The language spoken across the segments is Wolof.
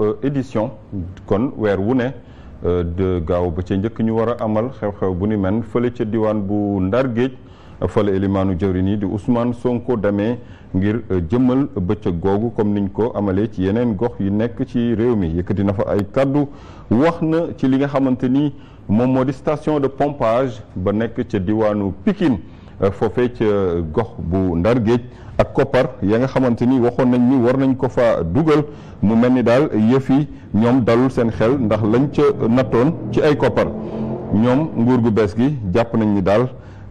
Euh, édition kon weer wu ne euh, de gaaw ba ca njëkk ñu war a amal xew-xew bu ni men fële ca diwaan bu ndar géej fële élimaanu jawrin yi di Ousmane Sonko demee ngir euh, jëmmal bëccëg googu comme niñ ko amalee ci yeneen gox yi nekk ci réew mi yëkkati na fa ay kàddu wax na ci li nga xamante ni moom moo di station de pompage ba nekk ca diwaanu pikin Euh, foofee ca euh, gox bu ndar géej ak koppar ya nga xamante ni waxoon nañ ni war nañ ko fa dugal mu mel ni daal yëfi ñoom dalul seen xel ndax lañ ca nattoon ci ay koppar ñoom nguur gu bees gi jàpp nañ ni daal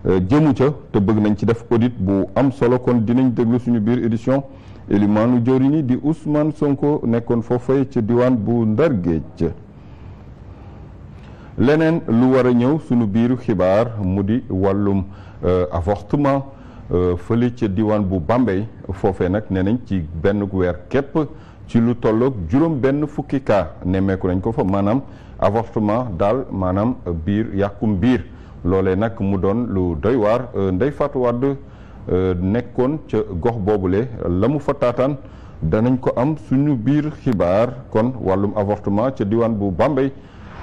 euh, jëmu ca te bëgg nañ ci def audit bu am solo kon dinañ déglu suñu biir édition élimaanu jëwriñ yi di Ousmane Sonko nekkoon foofee ca diwaan bu ndar géej leneen lu war a ñëw suñu biiru xibaar mu di wàllum euh, avortement euh, fële ca diwaan bu Bambey foofe nag nee nañ ci benn weer képp ci lu tolloog juróom benn fukki cas nemmeeku nañ ko fa maanaam avortement daal maanaam biir yàqum biir loole nag mu doon lu doy waar euh, Ndeye Fatou Wade nekkoon ca gox boobule lamu mu fa taataan danañ ko am suñu biir xibaar kon wàllum avortement ca diwaan bu Bambey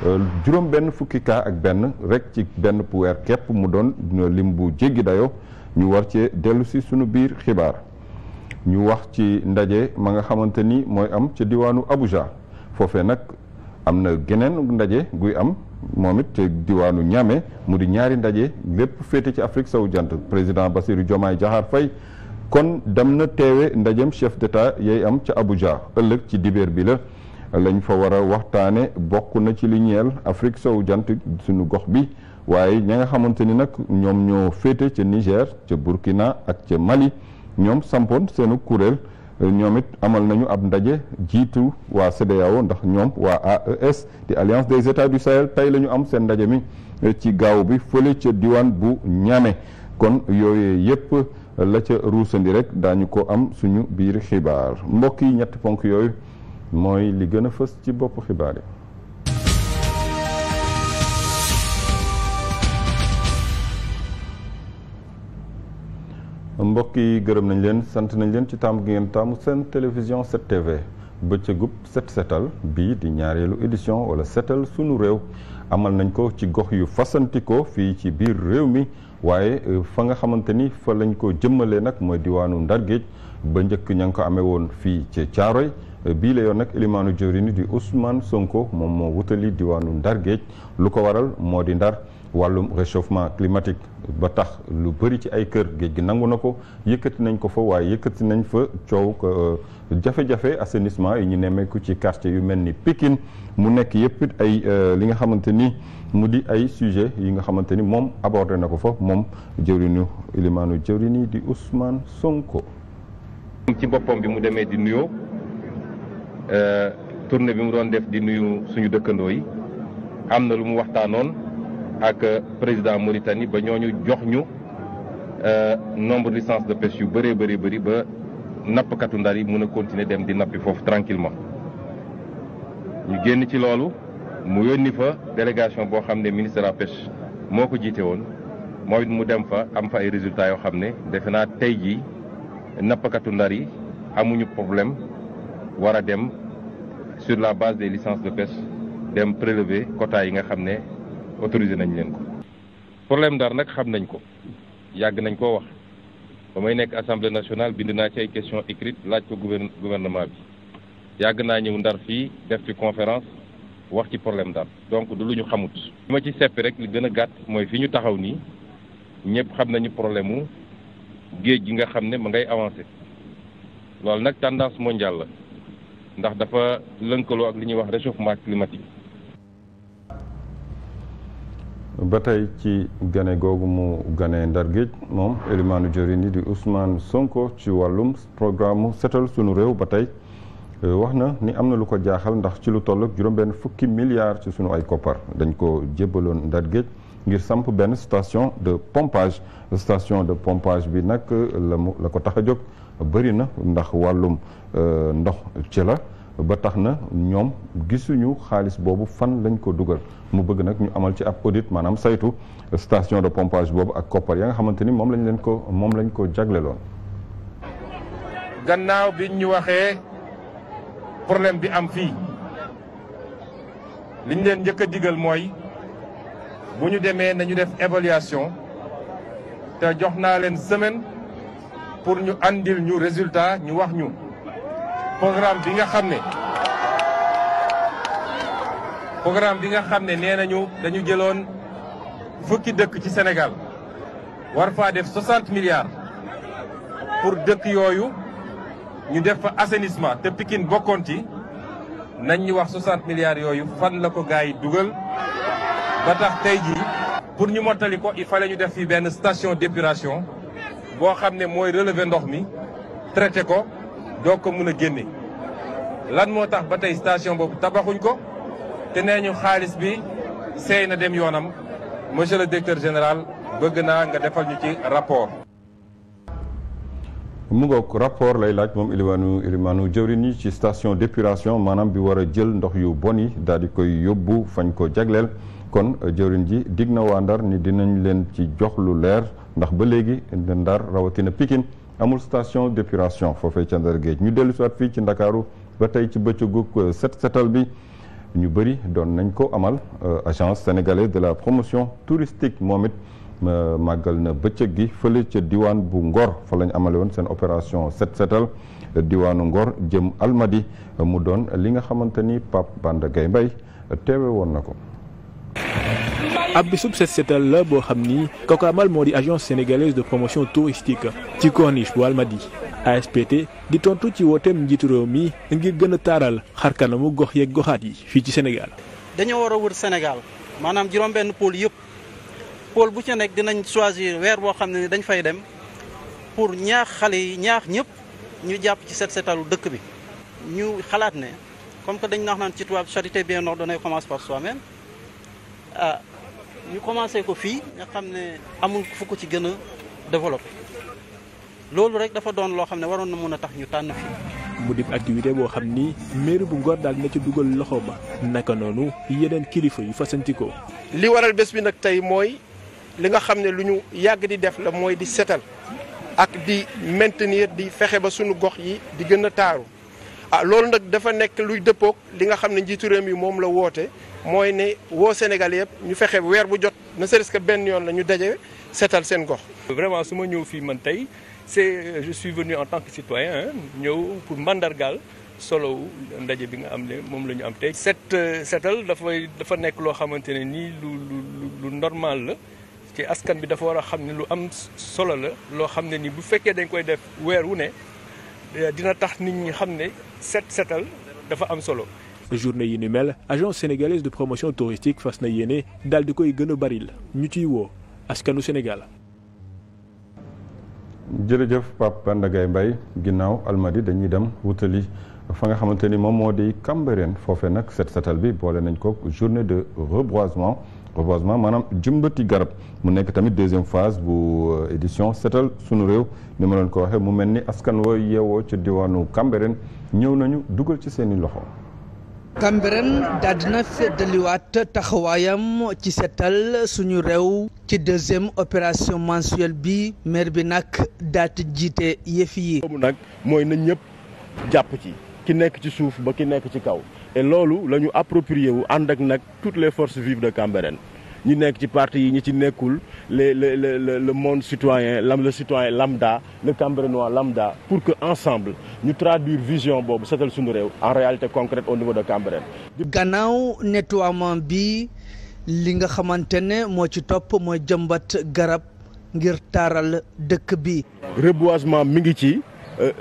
Euh, juróom benn fukki cas ak benn rek ci benn puweer képp mu doon lim bu jéggi dayoo ñu war cee dellu si sunu biir xibaar ñu wax ci ndaje ma nga xamante ni mooy am ca diwaanu Abuja foofe nag am na geneen ndaje guy am moom it te diwaanu Niamey mu di ñaari ndaje lépp féete ci Afrique sowu jant président Bassirou Diomaye Diakhar fay kon dem na teewe ndajem chef d'état yay am ca Abuja ëllëg ci dibeer bi la lañ fa war a waxtaane bokk na ci li Afrique sow jant suñu gox bi waaye ña nga xamante ni nag ñoom ñoo féete ca Niger ca Burkina ak ca Mali ñoom sampoon seenu kuréel ñoom it amal nañu ab ndaje jiitu waa CEDEAO ndax ñoom waa AES di Alliance des États du Sahel tey lañu am seen ndaje mi ci gaaw bi fole ca diwaan bu Niamey kon yooyee yépp la ca ruusandi rek daañu ko am suñu biir xibaar mbokk yi ñetti ponk yooyu mooy li gën a fës ci bopp xibaar yi. mbokk yi gërëm nañ leen sant nañ leen ci taamu gi ngeen taamu seen télévision 7TV bëccëgub set setal bii di ñaareelu édition wala setal sunu réew amal nañ ko ci gox yu fasantikoo fii ci biir réew mi waaye e, fa nga xamante ni fa lañ ko jëmmalee nag mooy diwaanu ndargéej ba njëkk ña ngi ko amee woon fii ci caaroy Euh, bii la yoon nag élimaanu jëwriñ di Ousmane Sonko moom moo wutali diwaanu Ndar géej lu ko waral moo di Ndar wàllum réchauffement climatique ba tax lu bëri ci ay kër géej gi nangu na ko yëkkati nañ ko fa waaye yëkkati nañ fa coow euh, jafe-jafe assainissement yi ñu nemmeeku ci quartier yu mel ni Pikine mu nekk yëpp ay euh, li nga xamante ni mu di ay sujet yi nga xamante ni moom abordé na ko fa moom jëwriñu élimaanu jëwriñ di Ousmane Sonko. ci boppam bi mu demee di nuyoo. Euh, tournée bi mu doon def di nuyu suñu dëkkandoo yi am na lu mu waxtaanoon ak euh, président Mauritanie ba ñoo ñu jox ñu euh, nombre licence de pêche yu bëree bëri bëri ba nappkatu ndar yi mën a continuer dem di nappi foofu tranquillement ñu génn ci loolu mu yónni fa délégation boo xam ne ministre de la pêche moo ko jiite woon moom it mu dem fa am fa ay résultats yoo xam ne defe naa tey jii nappkatu ndar yi amuñu problème war a dem sur la base des licences de pêche dem prélever quota yi nga xam ne autorisé nañ leen ko. problème Ndar nag xam nañ ko yàgg nañ koo wax ba may nekk assemblée nationale bind naa ci ay questions écrites laaj ko gouvernement bi yàgg naa ñëw Ndar fii def ci conférence wax ci problème Ndar donc du lu ñu xamut. li ma ci seppi rek li gën gàtt mooy fi ñu taxaw nii ñëpp xam nañu problème mu géej gi nga xam ne ma ngay avancé loolu nag tendance mondiale la. ndax dafa lënkaloo ak li ñuy wax réchauffement climatique. ba tey ci gane googu mu gane ndar moom élimaanu jëriñ yi di Ousmane Sonko ci wàllum programme mu setal sunu réew ba tey euh, wax na ni am na lu ko jaaxal ndax ci lu toll ak juróom-benn fukki milliards ci sunu ay koppar dañ ko jébbaloon ndar ngir samp benn station de pompage station de pompage bi nag euh, la mu la ko tax a jóg bëri na ndax wàllum euh, ndox ci la. ba tax na ñoom gisuñu xaalis boobu fan lañ ko dugal mu bëgg nag ñu amal ci ab audit maanaam saytu station de pompage boobu ak koppar ya nga xamante ni moom lañ leen ko moom lañ ko jagleloon. gannaaw bi ñu waxee problème bi am fii liñ leen njëkk a digal mooy bu ñu demee nañu def évaluation te jox naa leen semaine pour ñu andil ñu résultat ñu wax ñu. programme bi nga xam ne programme bi nga xam ne nee nañu dañu jëloon fukki dëkk ci senegal war faa def 60 milliards pour dëkk yooyu ñu def fa assainissement te Pikine bokkoon ci nañ ñu wax 60 milliards yooyu fan la ko gars yi dugal ba tax tey jii pour ñu mottali ko il fallait ñu def fi benn station d'épuration boo xam ne mooy relever ndox mi traité ko doo ko mën a génne lan moo tax ba tey station boobu tabaxuñ ko te nee ñu xaalis bi seey na dem yoonam monsieur le directeur général bëgg naa nga defal ñu ci rapport. mu ngoog rapport lay laaj moom ilimaanu ilimaanu jëwrin yi ci station d'épuration maanaam bi war a jël ndox yu bon yi daal di koy yóbbu fañ ko jagleel kon euh, jëwrin ji dig na waa Ndar ni dinañ leen ci jox lu leer ndax ba léegi ndar rawatina pikin amul station d'épuration foofee ca Ndar Géej ñu dellu siwaat fii ci Ndakaaru ba tey ci bëccëgu euh, set setal bi ñu bëri doon nañ ko amal euh, agence sénégalaise de la promotion touristique moom it màggal na bëccëg gi fële ca diwaan bu Ngor fa lañ amale woon seen opération set setal euh, diwaanu Ngor jëm Almadi mu doon li nga xamante ni Pape Banda Gaye teewe woon na ko ab bisub set setal la boo xam ni ka ko amal moo di agence sénégalaise de promotion touristique ci corniche bu Almadies ASPT di tontu ci wooteem njiitu réew mi ngir gën a taaral xarkanamu gox yeeg goxaat yi fii ci Sénégal. dañoo war a wër Sénégal maanaam juróom-benn pôle yëpp pôle bu ci nekk dinañ choisir weer boo xam ne dañ fay dem pour ñaax xale yi ñaax ñëpp ñu jàpp ci set setalu dëkk bi ñu xalaat ne comme que dañ naax naan ci tubaab charité bien ordonnée ñu commencé ko fii nga xam ne amul fu ko ci gën a développé loolu rek dafa doon loo xam ne waroon na mën a tax ñu tànn fii. mu dib activité boo xam ni mairie bu Ngor daal na ci dugal loxo ba naka noonu yeneen kilifa yu fasantikoo li waral bés bi nag tey mooy li nga xam ne lu ñu yàgg di def la mooy di setal ak di maintenir di fexe ba sunu gox yi di gën a taaru ah loolu nag dafa nekk luy dëppoog li nga xam ne njiitu réew mi moom la woote. mooy ne woo Sénégal yëpp ñu fexe weer bu jot na serait-ce que benn yoon la ñu daje setal seen gox. vraiment su ma ñëw fii man tey c'est je suis venu en tant que citoyen ñëw pour mandargaal solo ndaje bi nga am ne moom la ñu am tey. Euh, set setal dafay dafa nekk loo xamante ne nii lu lu lu normal la ci askan bi dafa war a xam ne lu am solo la loo xam ne nii bu fekkee dañ koy def weer wu ne dina tax nit ñi xam ne set setal dafa am solo. journée yi ni mel agence sénégalaise de promotion touristique fas na yéene daal di koy gën a baril ñu ciy woo askanu Sénégal. jërëjëf Pape Banda Gaye Mbaye ginnaaw almadi dañuy dem wutali fa nga xamante ni moom moo di Cambérène foofe nag set setal bi boole nañ ko journée de reboisement reboisement maanaam jëmbati garab mu nekk tamit deuxième phase bu euh, édition setal sunu réew ni ma leen ko waxee mu mel ni askan wooy yeewoo ci diwaanu Cambérène ñëw nañu dugal ci seeni loxo. Cambérène daal dina feddaliwaat taxawaayam ci seetal suñu réew ci deuxième opération mensuelle bi maire bi nag daati jiite yëf yi. boobu nag mooy na ñëpp jàpp ci ki nekk ci suuf ba ki nekk ci kaw et loolu la ñu approprié wu ànd ak nag toutes les forces vives de Cambérène. ñi nekk ci parti yi ñi ci nekkul les le le le monde citoyen lam le citoyen lambda le Cambérenois lambda pour que ensemble ñu traduire vision boobu setal suñu réew en réalité concrète au niveau de Cambérène. gannaaw nettoiement bi li nga xamante ne moo ci topp mooy jëmbat garab ngir taaral dëkk bi. reboisement mi ngi ci. Euh,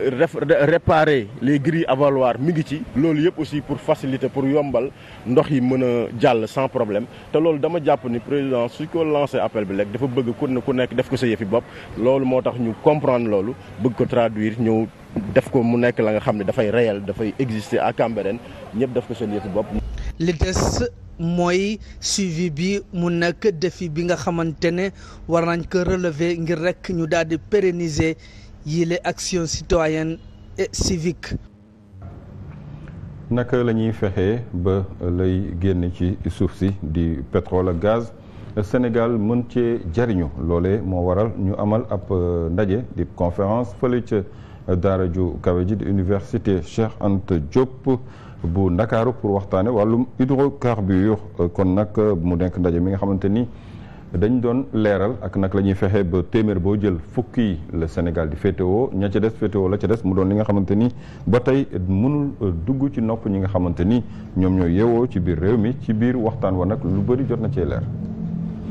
réparer les grilles avaloirs mi ngi ci loolu yëpp aussi pour faciliter pour yombal ndox yi mën a jàll sans problème te loolu dama jàpp ni président su ko lancé appel bi rek dafa bëgg ku ne ku nekk def ko sa yëfi bopp loolu moo tax ñu comprendre loolu bëgg ko traduire ñëw def ko mu nekk la nga xam ne dafay réel dafay exister à Cambérène ñëpp def ko seen yëfi bopp li des mooy suivi bi mu nekk defi bi nga xamante ne war nañ ko relever ngir rek ñu daal di pérenniser yile action citoyenne et civique naka la ñuy fexee ba lay génn ci suuf si di pétrole ak gaz Sénégal mën cee jariñu loole moo waral ñu amal ab euh, ndaje di conférence fële ca euh, daara ju kawe ji di université Cheikh Anta Diop bu Ndakaaru pour waxtaane wàllum hydrocarbure kon nag mu nekk ndaje mi nga xamante ni dañ doon leeral ak nag la ñuy fexe ba téeméer boo jël fukki yi la Sénégal di féetewoo ña ca des féetewoo la ca des mu doon li nga xamante ni ba tey mënul euh, dugg ci nopp ñi nga xamante ni ñoom ñoo yeewoo ci biir réew mi ci biir waxtaan wa nag lu bëri jot na cee leer.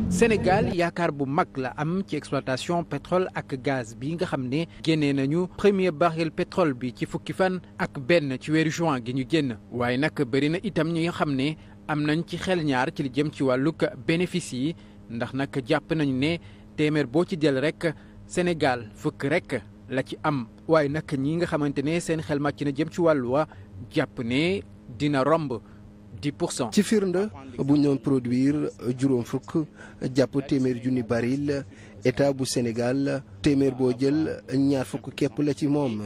Sénégal yaakaar bu mag la am ci exploitation pétrole ak gaz bi nga xam ne génnee nañu premier baril pétrole bi ci fukki fan ak benn ci weeru juin gi ñu génn waaye nag bëri na itam ñi nga xam ne am nañ ci xel ñaar ci li jëm ci wàllug bénéfice yi. ndax nag jàpp nañu ne téeméer boo ci jël rek Sénégal fukk rek la ci am waaye nag ñi nga xamante ne seen xel màcc na jëm ci wàllu wa jàpp ne dina romb 10 pour cent. ci firnde bu ñu doon produire juróom fukk jàpp téeméer junni baril état bu Sénégal téeméer boo jël ñaar fukk képp la ci moom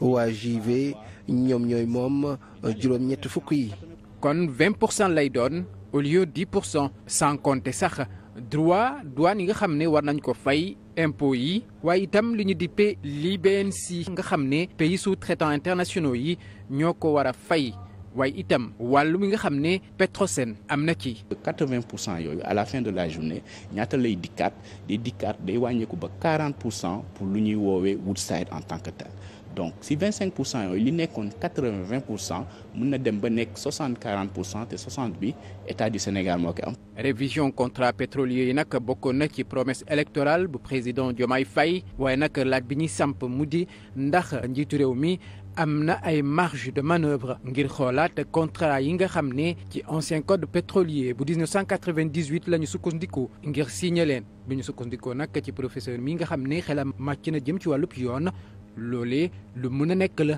waa JV ñoom ñooy moom juróom-ñett fukk yi. kon 20 pour cent lay doon au lieu 10 pour cent sax. droit douane yi nga xam ne war nañ ko fay impôt yi waaye itam li ñu dippee l'IBNC nga xam ne pays sous-traitants internationaux yi ñoo ko war a fay waaye itam wàllu mi nga xam ne Petrosen am na ci. 80 pour cent yooyu à la fin de la journée ñaata lay dikkaat day dikkaat day wàññeeku ba 40 pour cent pour lu ñuy woowee Woodside en tant que tel. donc si 25 pour cent yooyu li nekkoon 80 20 pour cent mun na dem ba nekk 60 40 pour cent te bi état du Sénégal moo koy am. révision contrat pétrolier yi nag bokkoon na ci promesse électorale bu président Diomaye fay waaye nag laaj bi ñuy samp mu di ndax njiitu réew mi am na ay marge de manœuvre ngir xoolaat contrat yi nga xam ne ci ancien code pétrolier bu 1998 la ñu sukkandiku ngir signé leen bi ñu sukkandikoo nag ci professeur mi nga xam ne xelam màcc na jëm ci wàllub yoon. loole lu mën a nekk la.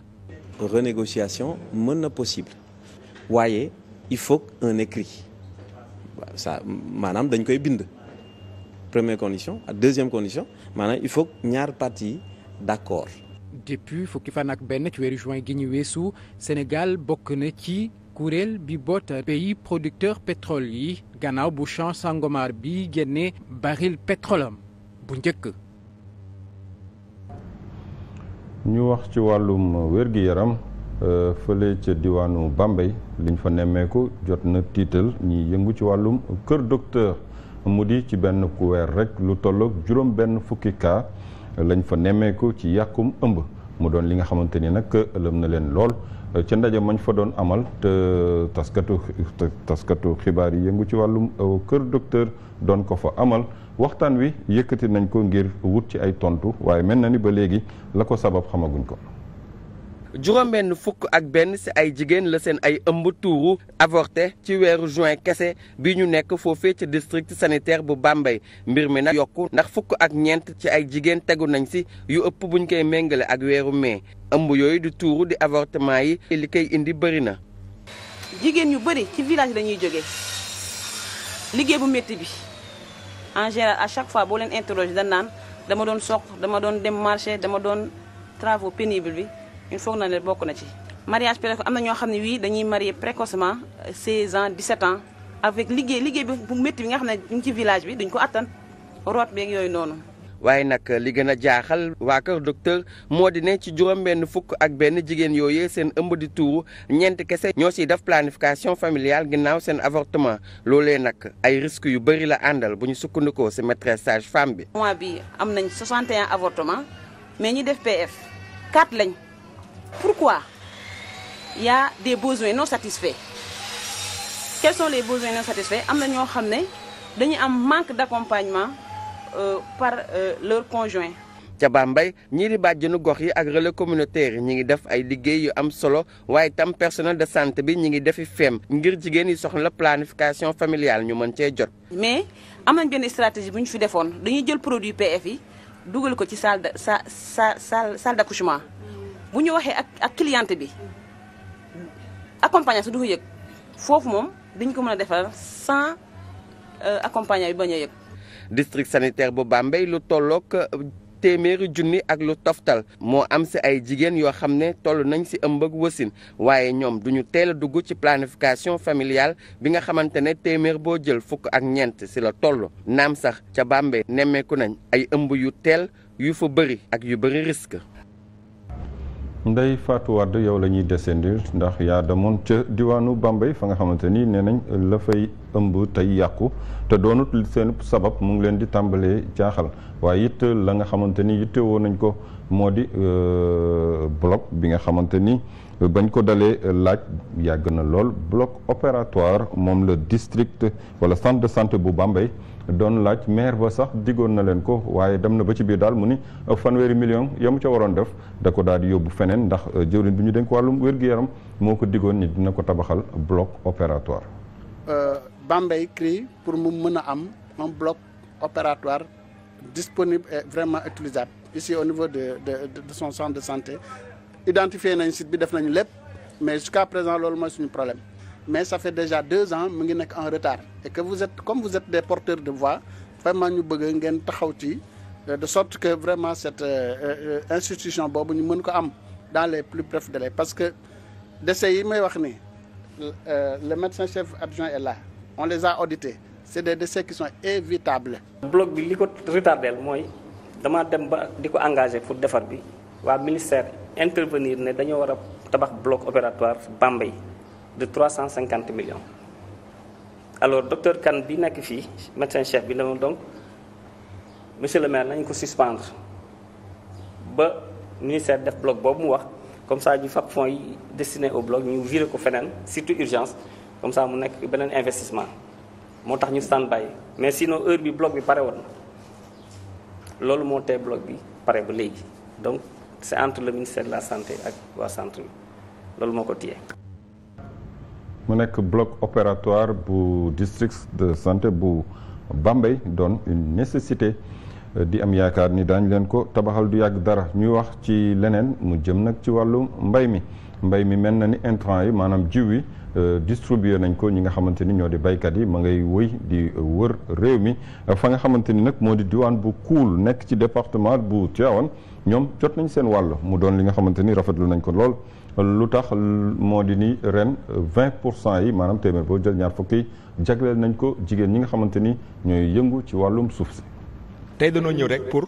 renégociation mën na possible waaye il faut un écrit ça maanaam dañ koy bind première condition ak deuxième condition maanaam il faut ñaar parties d' accord. depuis fukki fan ak benn ci weeru juin gi ñu weesu Sénégal bokk na ci kuréel bi boot pays producteur pétrole yi gannaaw bu Champ Sangomar bi génnee baril pétrole bu njëkk. ñu wax ci wàllum wér-gi-yaram euh, fële ca diwaanu Bambey liñ fa nemmeeku jot na tiital ñiy yëngu ci wàllum kër docteur mu di ci benn ku weer rek lu tolloog juróom benn fukki cas lañ fa nemmeeku ci yàkkum ëmb mu doon li nga xamante ni nag ëlëm na leen lool ca ndaje mañ fa doon amal te taskatu taskatu xibaar yi yëngu ci wàllum e, kër docteur doon ko fa amal waxtaan wi yëkkati nañ ko ngir wut ci ay tontu waaye mel na ni ba léegi la ko sabab xamaguñ ko juróom-benn fukk ak benn si ay jigéen la seen ay ëmb tuuru avorté ci weeru juin kese bi ñu nekk foofee ci district sanitaire bu Bambey mbir mi na yokku ndax fukk ak ñeent ci ay jigéen tegu nañ si yu ëpp buñ koy méngale ak weeru mai ëmb yooyu di tuuru di avortement yi li koy indi bëri na. jigéen yu bëri ci village lañuy jógee liggéey bu métti bi en général à chaque fois boo leen interroger da naan dama doon soq dama doon dem marché dama doon travaux pénible bi. il foog na ne bokk na ci. mariage précoce am na ñoo xam ne wii dañuy marier précocement 16 ans 17 avec liggéey liggéey bi bu métti bi nga xam ne ñu ci village bi duñ ko attan root beeg yooyu noonu. waaye nag li gën a jaaxal waa kër docteur moo di ne ci juróom-benn fukk ak benn jigéen yooyee seen ëmb di tuuru ñeent kese ñoo siy def planification familiale ginnaaw seen avortement loolee nag ay risques yu bëri la àndal bu ñu sukkandikoo si maîtresse sage femme bi. mois bi am nañ 61 avortement mais ñi def PF 4 lañ. Pourquoi il y des besoins non satisfaits quels sont les besoins non satisfaits am na ñoo xam ne dañuy am manque d'accompagnement euh, par euh, leur conjoint ca mbay ñii di bàjjenu gox yi ak relais communautaire yi ñu ngi def ay liggéey yu am solo waaye tam personnel de santé bi ñu ngi defi fem ngir jigéen yi soxla planification familiale ñu mën cee jot. mais am nañ benn stratégie bu ñu fi defoon dañuy jël produit PF yi dugal ko ci salle de sa sa salle salle d'accouchement bu ñu waxee ak ak cliente bi accompagné su du ko yëg foofu moom dañ ko mën a defar sans euh, accompagné bi bañ a yëg. district sanitaire bu Bambey lu tollook euh, téeméeri junni ak lu toftal moo am si ay jigéen yoo xam ne toll nañ si ëmb ak wasin waaye ñoom duñu teel a dugg ci planification familiale bi nga xamante ne téeméer boo jël fukk ak ñeent si la toll naam sax ca Bambey nemmeeku nañ ay ëmb yu teel yu fa bëri ak yu bëri risque. Ndeye Fatou Wade yow la ñuy descendir ndax yaa demoon ca diwaanu Bambey fa nga xamante ni nee nañ la fay ëmb tey yàqu te doonut seen sabab mu ngi leen di tàmbalee jaaxal waaye it la nga xamante ni yittewoo nañ ko moo di euh, bloc bi nga xamante ni bañ ko dalee laaj yàgg na lool bloc opératoire moom la district wala centre de santé bu Bambey. doon laaj maire ba sax diggoon na leen ko waaye dem na ba ci biir daal mu ni euh, fanweeri million yamu ca waroon def da ko daal di yóbbu feneen ndax euh, jëwriñ bi ñu dénk wàllum wér-gu-yaram moo ko diggoon ni dina ko tabaxal bloc opératoire euh, Bambey CREI pour mu mën a am un bloc opératoire disponible et vraiment utilisable ici au niveau de de son centre de santé identifié nañ site bi def nañu lépp mais jusqu'à présent loolu mooy suñu problème mais ça fait déjà deux ans mu ngi nekk en retard et que vous êtes comme vous êtes des porteurs de voix vraiment ñu bëgg ngeen taxaw ci euh, de sorte que vraiment cette euh, euh, institution boobu ñu mën ko am dans les plus brefs délais parce que décès yi may wax ni le médecin chef adjoint et là on les a audités c'est des décès qui sont évitables. bloc bi li ko retardel mooy dama dem ba di ko engagé pour defar bi waa ministère intervenir ne dañoo war a tabax bloc opératoire Bambey. de 350 millions alors docteur kan bi nekk fii médecin chef bi ne donc monsieur le maire nañ ko suspendre ba ministère def bloc boobu mu wax comme ça ñu fab fonds yi destiné au bloc ñu viré ko feneen surtout urgence comme ça mu nekk beneen investissement moo tax ñu stand mais sinon heure bi bloc bi pare woon loolu moo tee bloc bi pare ba léegi donc c'est entre le ministère de la santé ak waa centre bi loolu moo ko téye mu nekk bloc opératoire bu district de santé bu Bambey doon une nécessité euh, di am yaakaar ni daañ leen ko tabaxal du yàgg dara ñuy wax ci leneen mu jëm nag ci wàllu mbay mi mbay mi mel na ni intrant yi maanaam jiw yi euh, distribué nañ ko ñi nga xamante ni ñoo di baykat yi ma ngay wëy di euh, wër réew mi fa nga xamante ni nag moo di diwaan bu Koul nekk ci département bu Tivaouane ñoom jot nañ seen wàll mu doon li nga xamante ni rafetlu nañ ko lool lu tax moo di ni ren vingt pour cent yi maanaam téeméer boo jël ñaar fukki jagleel nañ ko jigéen ñi nga xamante ni ñooy yëngu ci wàllum suuf si. tey danoo ñëw rek pour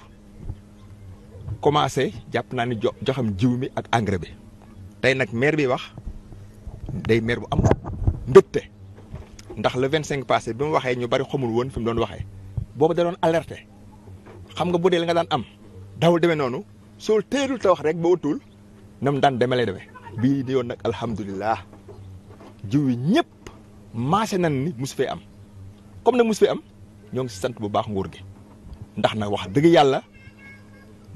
commencer jàpp naa ni jo joxam jiw mi ak engrais bi. tey nag maire bi wax day maire bu am mbégte ndax la vingt cinq passé bi mu waxee ñu bari xamul woon fi mu doon waxee boobu da doon alerte xam nga bu dee li nga daan am dawul demee noonu soo teelul te wax rek ba utul na mu daan demee lay bii di yoon nag alhamdulilah jiw yi ñëpp maase nan ni mus fa am comme nag mus fee am ñoo ngi si sant bu baax nguur gi ndax na wax dëgg yàlla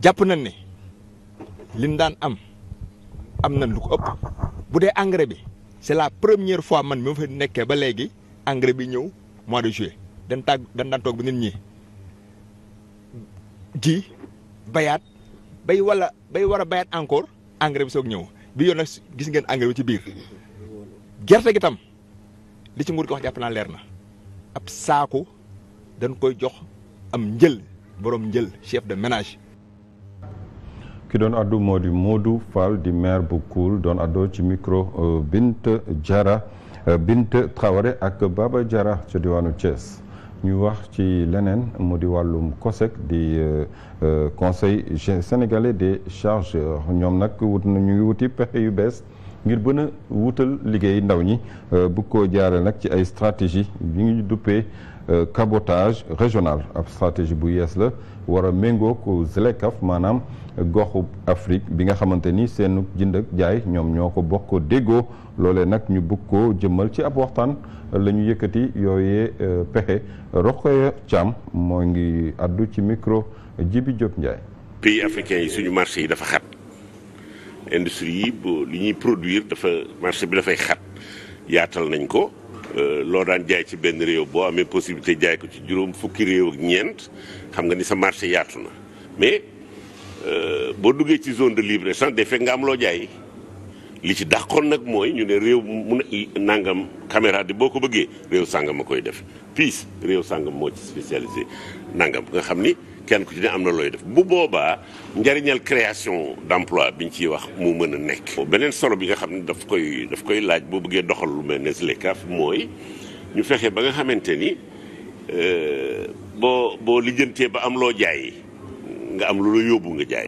jàpp nañ ne liñ daan am am nañ lu ko ëpp bu dee engrais bi c'est la première fois man mi ma fa nekkee ba léegi engrais bi ñëw mois de juillet dañ tàgg dañ daan toog bi nit ñi ji bayaat bay wala bay war a bayaat encore engrais bi soog ñëw bi yoon nag gis ngeen engrais bi ci biir gerte gi tam li ci nguur gi wax jàpp naa leer na ab saaku dañ koy jox am njël borom njël chef de ménage. ki doon addu moo di Modou Fall di maire bu Koul doon addoo ci micro euh, Bint Diarra euh, Bint Traoré ak Baba Diarra ca diwaanu Thiès. ñu wax ci leneen mu di wàllum COSEC di euh, euh, conseil sénégalais de chargeurs ñoom nag wut na ñu ngi wuti pexe yu bees ngir bën a wutal liggéey ndaw ñi euh, bu ko jaaree nag ci ay stratégie yi ngi duppee cabotage régional ab stratégie bu yees la wara a méngoo ko ZLECAf maanaam goxu Afrique bi nga xamante ni seen jënd ak jaay ñoom ñoo ko bokkoo déggoo loole nag ñu bëgg ko jëmmal ci ab waxtaan la ñu yëkkati yooyee euh, pexe Rokhaya Thiam moo ngi àddu ci micro Jibi Diop Ndiaye. pays africain yi suñu marché yi dafa xat industrie yi li ñuy produire dafa marché bi dafay xat yaatal nañ ko. Euh, loo daan jaay ci benn réew boo amee possibilité jaay ko ci juróom fukki réew ak ñeent xam nga ni sa marché yaatu na Euh, boo duggee ci zone de libre échange day fekk nga am loo jaay li ci dàqoon nag mooy ñu ne réew mu nangam caméra di boo ko bëggee réew sàngam a koy def piis réew sàngam moo ci spécialisé nangam nga xam ni kenn ku ci ne am na looy def bu boobaa njariñal création d'emploi bi ñu ciy wax mu mën a nekk. beneen solo bi nga xam ne daf koy daf koy laaj boo bëggee doxal lu mel ne ZLECAf mooy ñu fexe ba nga xamante ni euh, boo boo lijjantee ba am loo jaay. nga am lu la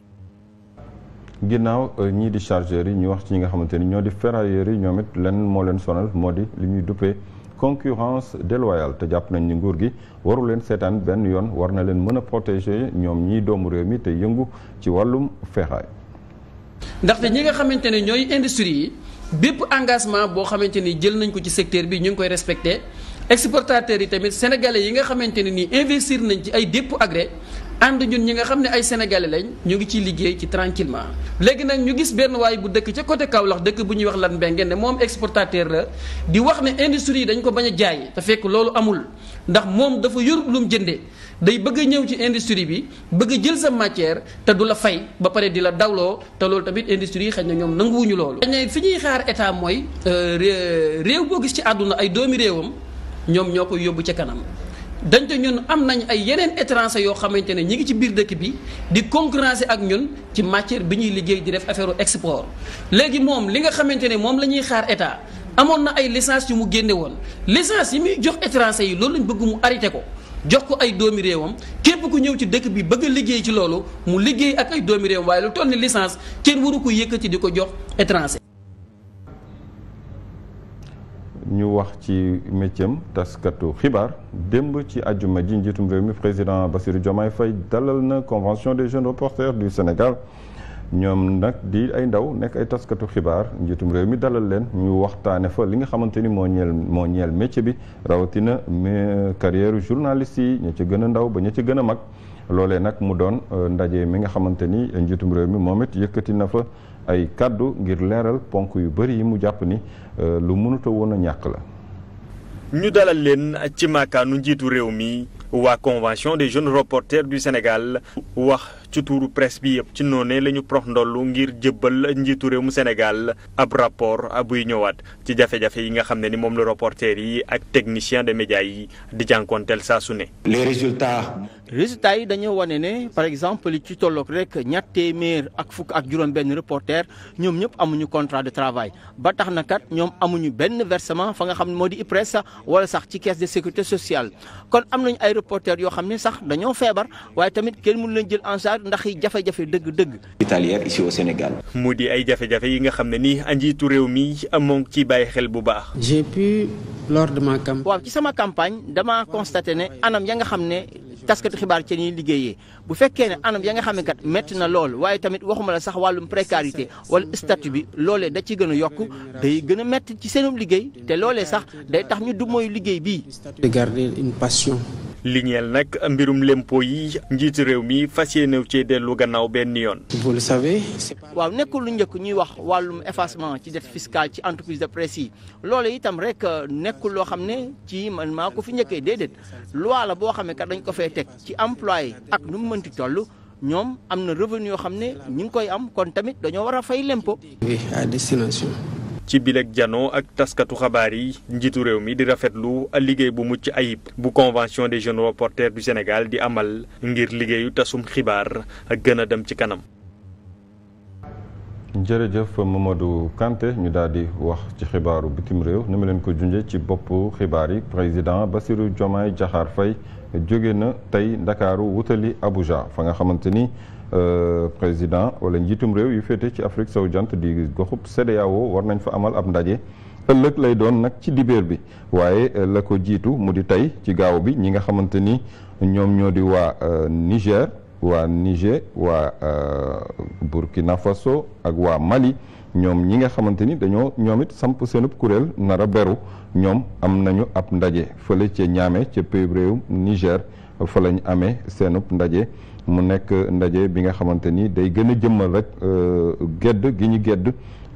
ginnaaw euh, ñii di chargeurs yi ñu wax ci ñi nga xamante ni ñoo di ferrailleurs yi ñoom it lenn moo leen sonal moo di li ñuy duppee concurrence déloyale te jàpp nañ ni nguur gi waru leen seetaan benn yoon war na leen mën a protéger ñoom ñii doomu réew mi te yëngu ci wàllum ferraille. ndaxte ñi nga xamante ne ñooy industrie yi bépp engagement boo xamante ni jël nañ ko ci secteur bi ñu ngi koy respecté exportateurs yi tamit sénégalais yi nga xamante ne nii investir nañ ci ay dépôt agré ànd ñun ñi nga xam ne ay sénégalais lañ ñu ngi ciy liggéey ci tranquillement léegi nag ñu gis benn waay bu dëkk ca côté Kaolack dëkk bu ñuy wax lan mbéngeen ne moom exportateur la di wax ne industrie yi dañ ko bañ a jaay te fekk loolu amul ndax moom dafa yor lu jënde day bëgg a ñëw ci industrie bi bëgg jël sa matière te du la fay ba pare di la dawloo te loolu tamit industrie yi xëy na ñoom nanguwuñu loolu. dañ fi ñuy xaar état mooy euh, réew boo gis ci àdduna ay doomi réewam ñoom ñoo koy yóbbu ca kanam. dañ te ñun am nañu ay yeneen étranger yoo xamante ne ñi ngi ci biir dëkk bi di concurrencer ak ñun ci matière bi ñuy liggéey di def affaire export léegi moom li nga xamante ne moom la ñuy xaar état amoon na ay licence yu mu génne woon yi muy jox étranger yi loolu lañ bëgg mu arrêté ko jox ko ay doomi réewam képp ku ñëw ci dëkk bi bëgg liggéey ci loolu mu liggéey ak ay doomi réewam waaye lu toll ni licence kenn waru ko yëkkati di ko jox étranger ñu wax ci métier taskatu xibaar démb ci àjjuma ji njiitum réew mi président Bassirou Diomaye fay dalal na convention des jeunes reporters du Sénégal ñoom nag di ay ndaw nekk ay taskatu xibaar njiitum réew mi dalal leen ñu waxtaane fa li nga xamante ni moo ñeel moo ñeel métier bi rawatina carrière journaliste yi ña ci gën a ndaw ba ña ci gën a mag loolee nag mu doon euh, ndaje mi nga xamante ni njiitum réew mi moom it yëkkati na fa ay kàddu ngir leeral ponk yu bëri yi mu jàpp ni euh, lu mënuta woon a ñàkk la ñu dalal leen ak ci makaanu njiitu réew mi waa convention des jeunes reporters du Sénégal wax ci tuuru presse bi yëpp ci noonee la ñu prox ndollu ngir jëbbal njiitu réew mu Sénégal ab rapport buy ñëwaat ci jafe-jafe yi nga xam ne ni moom la reporter yi ak technicien de média yi di jànkonteel saa su ne. les résultats. résultats yi dañoo wane ne par exemple li ci tolloog rek ñaar téeméer ak fukk ak juróom-benn reporter ñoom ñëpp amuñu contrat de travail ba tax na kat ñoom amuñu benn versement fa nga xam ne moo di IPRES wala sax ci caisse de sécurité sociale kon am nañu ay yoo xam ne sax dañoo feebar ndax i jafe-jafe dëgg-dëgg. hospitalière ici Sénégal. mu di ay jafe-jafe yi nga xam ne ni njiitu réew mi amoon ci bàyyi xel bu baax. j'ai pu de ma campagne. waaw ci sama campagne dama constaté ne anam ya nga xam ne taskati xibaar ci ñuy liggéeyee. bu fekkee ne anam ya nga xam ne kat métti na lool waaye tamit waxuma la sax wàllum précarité wala statut bi loolee da ci gën a yokk day gën a métti ci seenum liggéey te loolee sax day tax ñu du mooy liggéey bii. de garder une passion. li ñeel nag mbirum lempo yi njiitu réew mi fas yéenew ci dellu gannaaw benn yoon. vous waaw nekkul lu njëkk ñuy wax wàllum effacement ci dette fiscale ci entreprise de presse yi loolu itam rek euh, nekkul loo xam ne ci man maa ko fi njëkkee déedéet loi la boo xam ne dañ ko fee teg ci employé mënti toll ñoom am na revenu yoo xam ne ñu ngi koy am kon tamit dañoo war a fay lempo. à ci bileeg jano ak taskatu xabaar yi njiitu réew mi di rafetlu liggéey bu mucc ayib bu convention des jeunes reporters du Sénégal di amal ngir liggéeyu tasum xibaar ak gën a dem ci kanam. jërëjëf Mamadou Kanté ñu daal di wax ci xibaaru bitim réew ni ma leen ko junjee ci boppu xibaar yi président Bassirou Diomaye Diakhar Faye jóge na tey ndakaaru wutali Abuja fa nga xamante ni euh, président wala njiitum réew yu féete ci Afrique sowu jant di goxub CEDEAO war nañ fa amal ab ndaje ëllëg lay doon nag ci dibeer bi waaye euh, la ko jiitu mu di tey ci gaaw bi ñi nga xamante ni ñoom ñoo di waa euh, Niger. waa Niger waa euh, Burkina Faso ak waa Mali ñoom ñi nga xamante ni dañoo ñoom it samp seenub kuréel nar a beru ñoom am nañu ab ndaje fële ca ñaame ca pays réew Niger fa ñu amee seenub ndaje mu nekk ndaje bi nga xamante ni day gën a jëmmal rek euh, gedd gi ñu gedd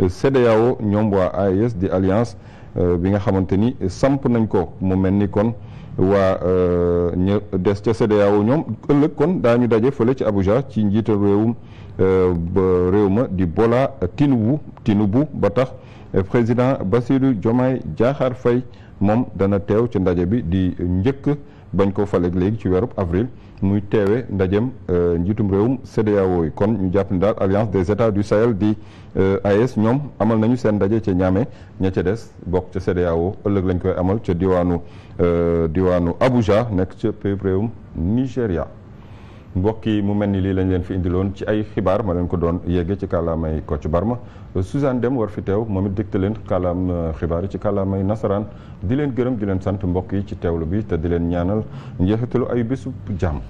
CEDEAO ñoom waa AES di alliance euh, bi nga xamante ni samp nañ ko mu mel ni kon waa euh, ña des ca CEDEAO ñoom ëllëg kon daañu daje fale ci Abuja ci njiital réewum euh, réew ma di Bola Tinubu bu ba tax euh, président Bassirou Diomaye Diakhar fay moom dana teew ci ndaje bi di njëkk bañ ko fale léegi ci weerub avril muy teewe ndajem euh, njiitum réewum CEDEAO yi kon ñu jàpp ni daal alliance des états du Sahel di euh, AES ñoom amal nañu seen ndaje ca ñaame ña ca des bokk ca CEDEAO ëllëg lañ koy amal ca diwaanu euh, diwaanu Abuja nekk ca réewum Nigéria mbokk yi mu mel ni lii lañ leen fi indiloon ci ay xibaar ma leen ko doon yegge ci kàllaamay Kocc Barma Suzanne Dem war fi teew moom it dégte leen kàllaam euh, xibaar yi ci kàllaamay nasaraan di leen gërëm di leen sant mbokk yi ci teewlu bi te di leen ñaanal njeexitalu ay bésub jàmm